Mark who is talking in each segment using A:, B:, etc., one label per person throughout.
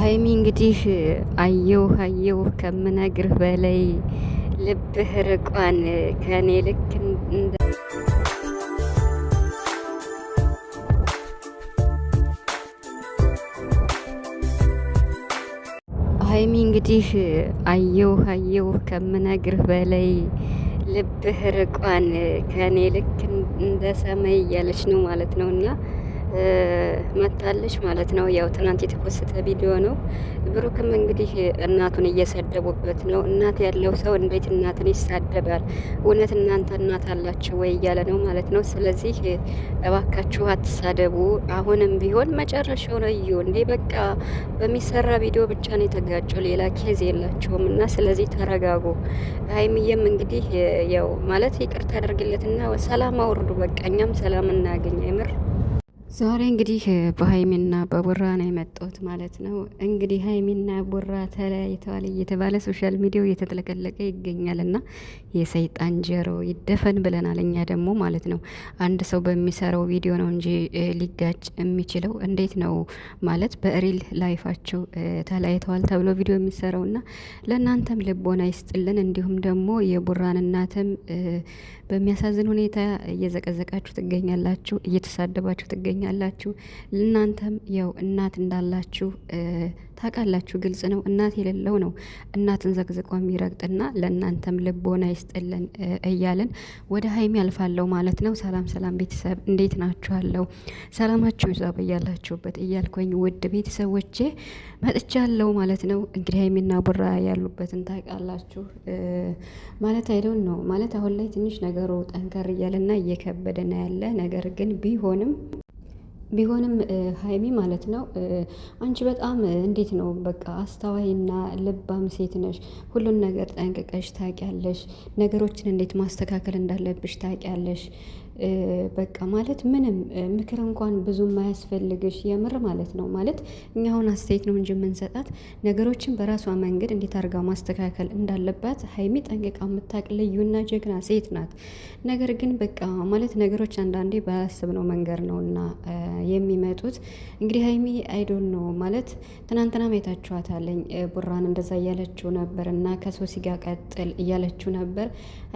A: ሀይሚ እንግዲህ አየው አየው ከምነግርህ በላይ ልብህ ርቋን ከኔ ልክ እንደ ሀይሚ እንግዲህ አየው አየው ከምነግርህ በላይ ልብህ ርቋን ከኔ ልክ እንደ ሰማይ እያለች ነው ማለት ነው እና መታለች ማለት ነው። ያው ትናንት የተፖሰተ ቪዲዮ ነው። ብሩክም እንግዲህ እናቱን እየሰደቡበት ነው። እናት ያለው ሰው እንዴት እናትን ይሳደባል? እውነት እናንተ እናት አላችሁ ወይ እያለ ነው ማለት ነው። ስለዚህ እባካችሁ አትሳደቡ። አሁንም ቢሆን መጨረሻው ነው። እዩ እንዴ በቃ በሚሰራ ቪዲዮ ብቻ ነው የተጋጩ፣ ሌላ ኬዝ የላቸውም። እና ስለዚህ ተረጋጉ። ሀይሚዬም እንግዲህ ያው ማለት ይቅርታ አድርግለትና ሰላም አውርዱ። በቃ እኛም ሰላም እናገኝ አይምር ዛሬ እንግዲህ በሀይሚና በቡራ ነው የመጣሁት ማለት ነው። እንግዲህ ሀይሚና ቡራ ተለያይተዋል እየተባለ ሶሻል ሚዲያው እየተጥለቀለቀ ይገኛል እና የሰይጣን ጀሮ ይደፈን ብለናል እኛ ደግሞ ማለት ነው። አንድ ሰው በሚሰራው ቪዲዮ ነው እንጂ ሊጋጭ የሚችለው እንዴት ነው ማለት በሪል ላይፋቸው ተለያይተዋል ተብሎ ቪዲዮ የሚሰራው ና ለእናንተም ልቦና ይስጥልን። እንዲሁም ደግሞ የቡራን እናትም በሚያሳዝን ሁኔታ እየዘቀዘቃችሁ ትገኛላችሁ፣ እየተሳደባችሁ ትገኛል ትገኛላችሁ። ለእናንተም ያው እናት እንዳላችሁ ታውቃላችሁ፣ ግልጽ ነው። እናት የሌለው ነው እናትን ዘግዝቆ የሚረግጥና ለእናንተም ልቦና ይስጥልን እያለን ወደ ሀይሚ ያልፋለው ማለት ነው። ሰላም ሰላም ቤተሰብ እንዴት ናችኋለሁ? ሰላማችሁ ይዛ በያላችሁበት እያልኩኝ ውድ ቤተሰቦቼ መጥቻለሁ ማለት ነው። እንግዲህ ሀይሚና ቡራ ያሉበትን ታውቃላችሁ ማለት አይደው ነው ማለት አሁን ላይ ትንሽ ነገሩ ጠንከር እያለና እየከበደና ያለ ነገር ግን ቢሆንም ቢሆንም ሀይሚ ማለት ነው አንቺ በጣም እንዴት ነው በቃ አስተዋይና ልባም ሴት ነሽ። ሁሉን ነገር ጠንቅቀሽ ታውቂያለሽ። ነገሮችን እንዴት ማስተካከል እንዳለብሽ ታውቂያለሽ። በቃ ማለት ምንም ምክር እንኳን ብዙ ማያስፈልግሽ የምር ማለት ነው። ማለት እኛ አሁን አስተያየት ነው እንጂ የምንሰጣት ነገሮችን በራሷ መንገድ እንዴት አድርጋ ማስተካከል እንዳለባት ሀይሚ ጠንቅቃ የምታውቅ ልዩና ጀግና ሴት ናት። ነገር ግን በቃ ማለት ነገሮች አንዳንዴ ነው መንገድ ነውና የሚመጡት። እንግዲህ ሀይሚ አይዶን ነው ማለት ትናንትና አይታችኋታለኝ ቡራን እንደዛ እያለችው ነበር እና ከሶሲ ጋር ቀጥል እያለችው ነበር።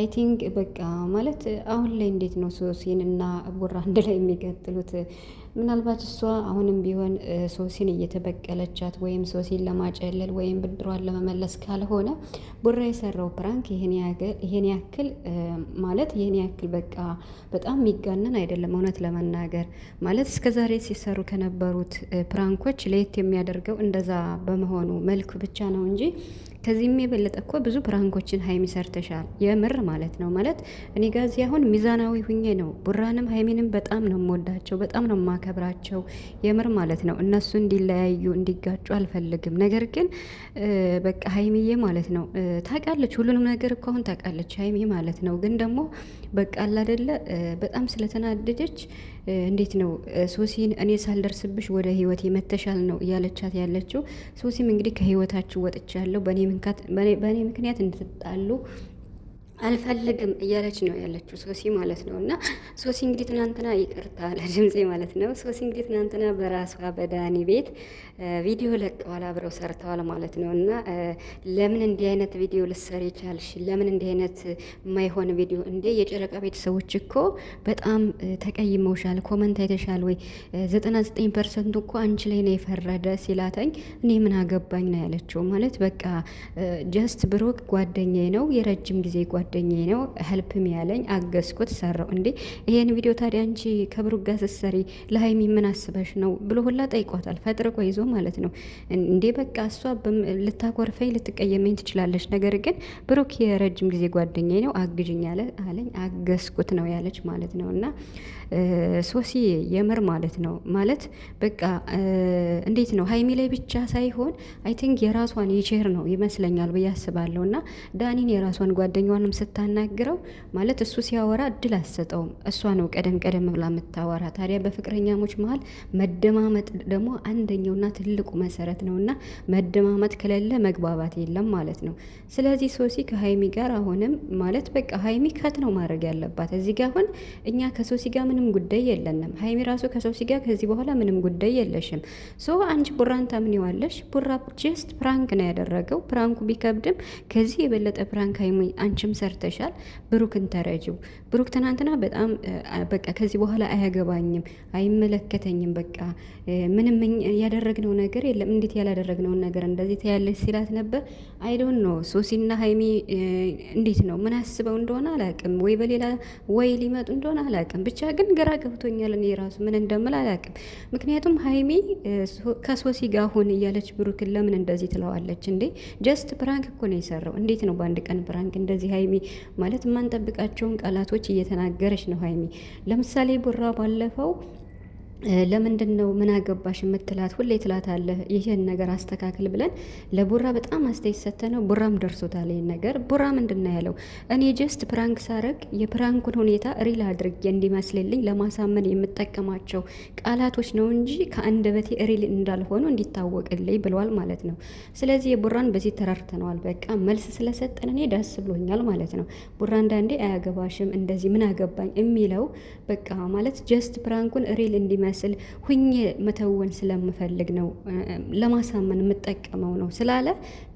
A: አይ ቲንክ በቃ ማለት አሁን ላይ እንዴት ነው ሶሲን እና ቡራ አንድ ላይ የሚቀጥሉት? ምናልባት እሷ አሁንም ቢሆን ሶሲን እየተበቀለቻት ወይም ሶሲን ለማጨለል ወይም ብድሯን ለመመለስ ካልሆነ ቡራ የሰራው ፕራንክ ይሄን ያክል ማለት ይሄን ያክል በቃ በጣም የሚጋነን አይደለም። እውነት ለመናገር ማለት እስከዛሬ ሲሰሩ ከነበሩት ፕራንኮች ለየት የሚያደርገው እንደዛ በመሆኑ መልኩ ብቻ ነው እንጂ ከዚህም የበለጠ እኮ ብዙ ፕራንኮችን ሀይሚ ሰርተሻል። የምር ማለት ነው ማለት እኔ ጋዚ አሁን ሚዛናዊ ሁኜ ነው። ቡራንም ሀይሚንም በጣም ነው የምወዳቸው፣ በጣም ነው የማከብራቸው። የምር ማለት ነው እነሱ እንዲለያዩ እንዲጋጩ አልፈልግም። ነገር ግን በቃ ሀይሚዬ ማለት ነው ታውቃለች፣ ሁሉንም ነገር እኮ አሁን ታውቃለች ሀይሚ ማለት ነው። ግን ደግሞ በቃ አላደለ በጣም ስለተናደደች እንዴት ነው ሶሲን እኔ ሳልደርስብሽ ወደ ህይወት የመተሻል ነው እያለቻት ያለችው። ሶሲም እንግዲህ ከህይወታችሁ ወጥቻለሁ በእኔ በእኔ ምክንያት እንድትጣሉ አልፈልግም እያለች ነው ያለችው ሶሲ ማለት ነው። እና ሶሲ እንግዲህ ትናንትና ይቅርታ ለድምፄ ማለት ነው። ሶሲ እንግዲህ ትናንትና በራሷ በዳኒ ቤት ቪዲዮ ለቀዋል፣ አብረው ሰርተዋል ማለት ነው። እና ለምን እንዲህ አይነት ቪዲዮ ልሰር ይቻልሽ? ለምን እንዲህ አይነት የማይሆን ቪዲዮ እንዴ! የጨረቃ ቤተሰቦች እኮ በጣም ተቀይመውሻል። ኮመንት አይተሻል ወይ? ዘጠና ዘጠኝ ፐርሰንቱ እኮ አንቺ ላይ ነው የፈረደ ሲላተኝ እኔ ምን አገባኝ ነው ያለችው ማለት በቃ ጀስት ብሮክ ጓደኛዬ ነው የረጅም ጊዜ ጓ ጓደኛ ነው ህልፕም ያለኝ አገዝኩት፣ ሰራው። እንዴ ይሄን ቪዲዮ ታዲያ አንቺ ከብሩ ጋር ስትሰሪ ለሀይሚ ምን አስበሽ ነው ብሎ ሁላ ጠይቋታል። ፈጥርቆ ይዞ ማለት ነው። እንዴ በቃ እሷ ልታኮርፈኝ ልትቀየመኝ ትችላለች፣ ነገር ግን ብሩክ የረጅም ጊዜ ጓደኛ ነው አግዥኝ ያለ አለኝ፣ አገዝኩት ነው ያለች ማለት ነው። እና ሶሲ የምር ማለት ነው ማለት በቃ እንዴት ነው ሀይሚ ላይ ብቻ ሳይሆን አይ ቲንክ የራሷን የቼር ነው ይመስለኛል ብዬ አስባለሁ እና ዳኒን የራሷን ጓደኛዋንም ስታናግረው ማለት እሱ ሲያወራ እድል አትሰጠውም። እሷ ነው ቀደም ቀደም ብላ የምታወራ። ታዲያ በፍቅረኛሞች መሀል መደማመጥ ደግሞ አንደኛውና ትልቁ መሰረት ነው እና መደማመጥ ከሌለ መግባባት የለም ማለት ነው። ስለዚህ ሶሲ ከሀይሚ ጋር አሁንም ማለት በቃ ሀይሚ ከት ነው ማድረግ ያለባት እዚህ ጋር አሁን እኛ ከሶሲ ጋር ምንም ጉዳይ የለንም። ሀይሚ ራሱ ከሶሲ ጋር ከዚህ በኋላ ምንም ጉዳይ የለሽም። ሶ አንቺ ቡራን ታምኔዋለሽ። ቡራ ጀስት ፕራንክ ነው ያደረገው። ፕራንኩ ቢከብድም ከዚህ የበለጠ ፕራንክ ሀይሚ አንቺም ሰርተሻል፣ ብሩክን ተረጂው። ብሩክ ትናንትና በጣም በቃ ከዚህ በኋላ አያገባኝም፣ አይመለከተኝም፣ በቃ ምንም ያደረግነው ነገር የለም፣ እንዴት ያላደረግነውን ነገር እንደዚህ ተያለች ሲላት ነበር። አይዶን ነው ሶሲና ሀይሚ እንዴት ነው ምን አስበው እንደሆነ አላቅም፣ ወይ በሌላ ወይ ሊመጡ እንደሆነ አላቅም። ብቻ ግን ግራ ገብቶኛል። እኔ ራሱ ምን እንደምል አላቅም። ምክንያቱም ሀይሚ ከሶሲ ጋር ሁን እያለች ብሩክን ለምን እንደዚህ ትለዋለች እንዴ? ጀስት ፕራንክ እኮ ነው የሰራው። እንዴት ነው በአንድ ቀን ፕራንክ እንደዚህ ሀይሚ ማለት የማንጠብቃቸውን ቃላቶች እየተናገረች ነው ሀይሚ። ለምሳሌ ቡራ ባለፈው ለምንድን ነው ምን አገባሽ የምትላት ሁሌ ትላት አለ። ይህን ነገር አስተካክል ብለን ለቡራ በጣም አስተያየት ሰተ ነው። ቡራም ደርሶታል ይህን ነገር። ቡራ ምንድን ነው ያለው? እኔ ጀስት ፕራንክ ሳረግ የፕራንኩን ሁኔታ ሪል አድርጌ እንዲመስልልኝ ለማሳመን የምጠቀማቸው ቃላቶች ነው እንጂ ከአንደበቴ ሪል እንዳልሆኑ እንዲታወቅልኝ ብለዋል ማለት ነው። ስለዚህ የቡራን በዚህ ተራርተነዋል። በቃ መልስ ስለሰጠን እኔ ደስ ብሎኛል ማለት ነው። ቡራ አንዳንዴ አያገባሽም እንደዚህ ምን አገባኝ የሚለው በቃ ማለት ጀስት ፕራንኩን ሪል እንዲመስል የምመስል ሁኜ መተወን ስለምፈልግ ነው፣ ለማሳመን የምጠቀመው ነው ስላለ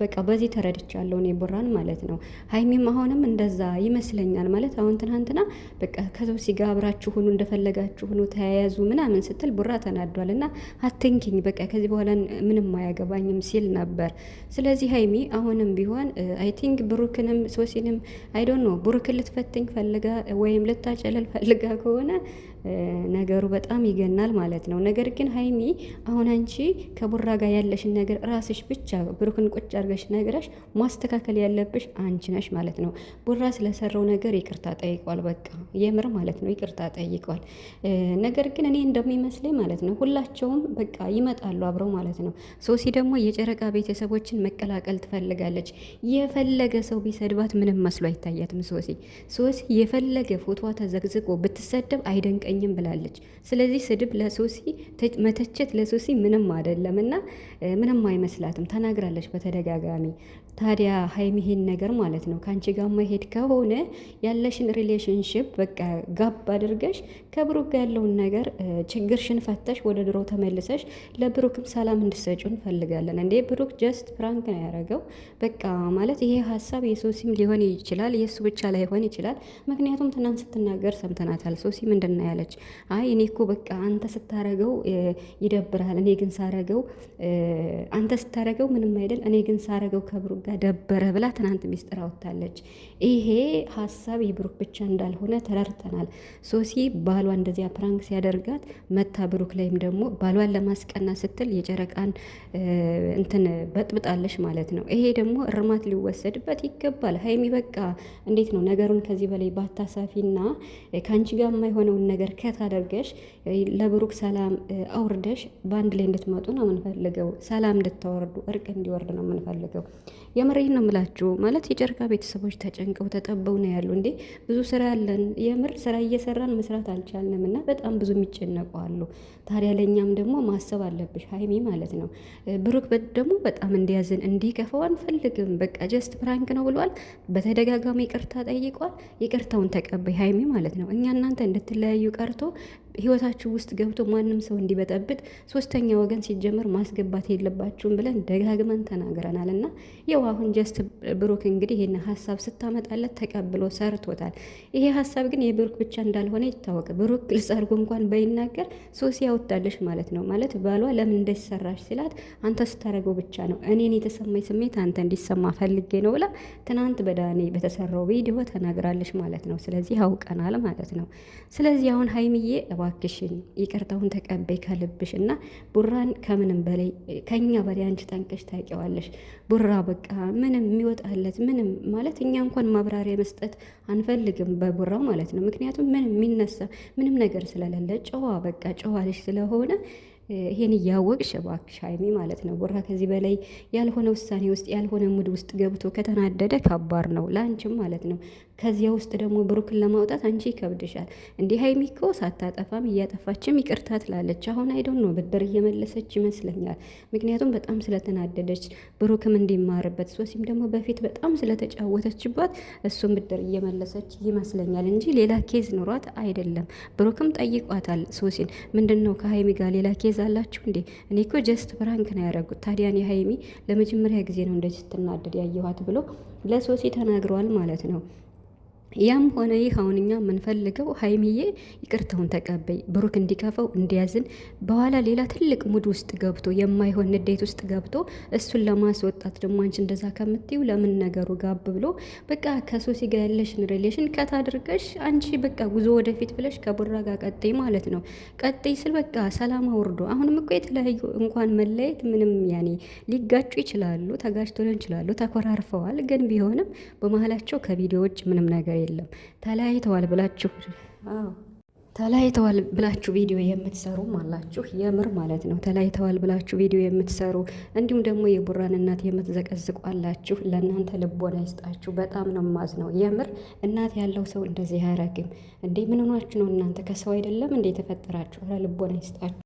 A: በቃ በዚህ ተረድቻለሁ እኔ ቡራን ማለት ነው። ሀይሚም አሁንም እንደዛ ይመስለኛል ማለት አሁን ትናንትና በቃ ከሰው ጋር አብራችሁ ሁኑ እንደፈለጋችሁ ሁኑ ተያያዙ ምናምን ስትል ቡራ ተናዷል እና አትንኪኝ በቃ ከዚህ በኋላ ምንም አያገባኝም ሲል ነበር። ስለዚህ ሀይሚ አሁንም ቢሆን አይ ቲንክ ብሩክንም ሶሲንም አይዶን ነው ብሩክን ልትፈትኝ ፈልጋ ወይም ልታጨለል ፈልጋ ከሆነ ነገሩ በጣም ይገናል ማለት ነው። ነገር ግን ሀይሚ አሁን አንቺ ከቡራ ጋር ያለሽን ነገር ራስሽ ብቻ ብሩክን ቁጭ አድርገሽ ነግረሽ ማስተካከል ያለብሽ አንቺ ነሽ ማለት ነው። ቡራ ስለሰራው ነገር ይቅርታ ጠይቋል። በቃ የምር ማለት ነው ይቅርታ ጠይቋል። ነገር ግን እኔ እንደሚመስለኝ ማለት ነው ሁላቸውም በቃ ይመጣሉ አብረው ማለት ነው። ሶሲ ደግሞ የጨረቃ ቤተሰቦችን መቀላቀል ትፈልጋለች። የፈለገ ሰው ቢሰድባት ምንም መስሎ አይታያትም ሶሲ ሶሲ የፈለገ ፎቶዋ ተዘግዝቆ ብትሰደብ አይደንቀ። አታውቅኝም ብላለች። ስለዚህ ስድብ ለሶሲ መተቸት ለሶሲ ምንም አይደለም እና ምንም አይመስላትም ተናግራለች በተደጋጋሚ ታዲያ ሀይሚ ይሄን ነገር ማለት ነው ከአንቺ ጋር መሄድ ከሆነ ያለሽን ሪሌሽንሽፕ በቃ ጋብ አድርገሽ ከብሩክ ጋር ያለውን ነገር ችግርሽን ፈተሽ ወደ ድሮ ተመልሰሽ ለብሩክም ሰላም እንድሰጩ እንፈልጋለን። እንዴ ብሩክ ጀስት ፕራንክ ነው ያደረገው። በቃ ማለት ይሄ ሀሳብ የሶሲም ሊሆን ይችላል፣ የእሱ ብቻ ላይሆን ይችላል። ምክንያቱም ትናንት ስትናገር ሰምተናታል። ሶሲ ምንድን ነው ያለች? አይ እኔ እኮ በቃ አንተ ስታረገው ይደብራል፣ እኔ ግን ሳረገው አንተ ስታረገው ምንም አይደል፣ እኔ ግን ሳረገው ከብሩክ በቃ ደበረ ብላ ትናንት ሚስጥር አወጣለች። ይሄ ሀሳብ የብሩክ ብቻ እንዳልሆነ ተረድተናል። ሶሲ ባሏ እንደዚያ ፕራንክ ሲያደርጋት መታ ብሩክ ላይም ደግሞ ባሏን ለማስቀና ስትል የጨረቃን እንትን በጥብጣለች ማለት ነው። ይሄ ደግሞ እርማት ሊወሰድበት ይገባል። ሀይሚ በቃ እንዴት ነው ነገሩን ከዚህ በላይ ባታሳፊና ከአንቺ ጋር የማይሆነውን ነገር ከታደርገሽ ለብሩክ ሰላም አውርደሽ በአንድ ላይ እንድትመጡ ነው የምንፈልገው። ሰላም እንድታወርዱ እርቅ እንዲወርድ ነው የምንፈልገው። የምሬን ነው የምላችሁ። ማለት የጨርቃ ቤተሰቦች ተጨንቀው ተጠበው ነው ያሉ። እንዴ ብዙ ስራ ያለን የምር ስራ እየሰራን መስራት አልቻልንም እና በጣም ብዙ የሚጨነቁ አሉ። ታዲያ ለእኛም ደግሞ ማሰብ አለብሽ ሀይሚ ማለት ነው። ብሩክ ደግሞ በጣም እንዲያዝን እንዲከፋው አንፈልግም። በቃ ጀስት ፕራንክ ነው ብሏል። በተደጋጋሚ ይቅርታ ጠይቋል። ይቅርታውን ተቀበይ ሀይሚ ማለት ነው። እኛ እናንተ እንድትለያዩ ቀርቶ ህይወታችሁ ውስጥ ገብቶ ማንም ሰው እንዲበጠብጥ ሶስተኛ ወገን ሲጀመር ማስገባት የለባችሁም ብለን ደጋግመን ተናግረናል። እና ያው አሁን ጀስት ብሩክ እንግዲህ ይህን ሀሳብ ስታመጣለት ተቀብሎ ሰርቶታል። ይሄ ሀሳብ ግን የብሩክ ብቻ እንዳልሆነ ይታወቅ። ብሩክ ግልጽ አድርጎ እንኳን በይናገር ሶሲ ያወጣለሽ ማለት ነው ማለት ባሏ ለምን እንደሰራሽ ሲላት አንተ ስታደርገው ብቻ ነው እኔን የተሰማኝ ስሜት አንተ እንዲሰማ ፈልጌ ነው ብላ ትናንት በዳኔ በተሰራው ቪዲዮ ተናግራለሽ ማለት ነው። ስለዚህ አውቀናል ማለት ነው። ስለዚህ አሁን ሀይምዬ እባክሽን ይቅርታውን ተቀበይ ከልብሽ እና ቡራን ከምንም በላይ ከኛ በላይ አንቺ ጠንቀሽ ታውቂዋለሽ። ቡራ በቃ ምንም የሚወጣለት ምንም ማለት እኛ እንኳን ማብራሪያ መስጠት አንፈልግም በቡራው ማለት ነው። ምክንያቱም ምንም የሚነሳ ምንም ነገር ስለሌለ ጨዋ በቃ ጨዋ ልጅ ስለሆነ ይሄን እያወቅሽ እባክሽ ሀይሚ ማለት ነው። ቦራ ከዚህ በላይ ያልሆነ ውሳኔ ውስጥ ያልሆነ ሙድ ውስጥ ገብቶ ከተናደደ ከባድ ነው ለአንቺም ማለት ነው። ከዚያ ውስጥ ደግሞ ብሩክን ለማውጣት አንቺ ይከብድሻል። እንዲህ ሀይሚ እኮ ሳታጠፋም እያጠፋችም ይቅርታ ትላለች። አሁን አይዶን ነው ብድር እየመለሰች ይመስለኛል። ምክንያቱም በጣም ስለተናደደች ብሩክም እንዲማርበት፣ ሶሲም ደግሞ በፊት በጣም ስለተጫወተችባት እሱም ብድር እየመለሰች ይመስለኛል እንጂ ሌላ ኬዝ ኑሯት አይደለም። ብሩክም ጠይቋታል ሶሲን ምንድን ነው ከሀይሚ ጋር ሌላ ኬዝ ትይዛላችሁ እንዴ? እኔ እኮ ጀስት ብራንክ ነው ያደረጉት። ታዲያን የሀይሚ ለመጀመሪያ ጊዜ ነው እንደዚህ ስትናደድ ያየኋት ብሎ ለሶሲ ተናግረዋል ማለት ነው። ያም ሆነ ይህ አሁን እኛ የምንፈልገው ሀይሚዬ ይቅርታውን ተቀበይ፣ ብሩክ እንዲከፈው እንዲያዝን፣ በኋላ ሌላ ትልቅ ሙድ ውስጥ ገብቶ የማይሆን ንዴት ውስጥ ገብቶ እሱን ለማስወጣት ደግሞ አንቺ እንደዛ ከምትዩ ለምን ነገሩ ጋብ ብሎ በቃ ከሶሲ ጋር ያለሽን ሪሌሽን ከት አድርገሽ አንቺ በቃ ጉዞ ወደፊት ብለሽ ከቡራ ጋር ቀጥይ ማለት ነው። ቀጥይ ስል በቃ ሰላም አውርዶ። አሁንም እኮ የተለያዩ እንኳን መለየት ምንም ያኔ ሊጋጩ ይችላሉ፣ ተጋጭቶ ሊሆን ይችላሉ፣ ተኮራርፈዋል። ግን ቢሆንም በመሀላቸው ከቪዲዮ ውጭ ምንም ነገር የለም። ተለያይተዋል ብላችሁ ተለያይተዋል ብላችሁ ቪዲዮ የምትሰሩም አላችሁ። የምር ማለት ነው። ተለያይተዋል ብላችሁ ቪዲዮ የምትሰሩ እንዲሁም ደግሞ የቡራን እናት የምትዘቀዝቁ አላችሁ። ለእናንተ ልቦና ይስጣችሁ። በጣም ነው ማዝ ነው የምር። እናት ያለው ሰው እንደዚህ አያረግም እንዴ! ምን ነው እናንተ? ከሰው አይደለም እንዴ የተፈጠራችሁ? ልቦና ይስጣችሁ።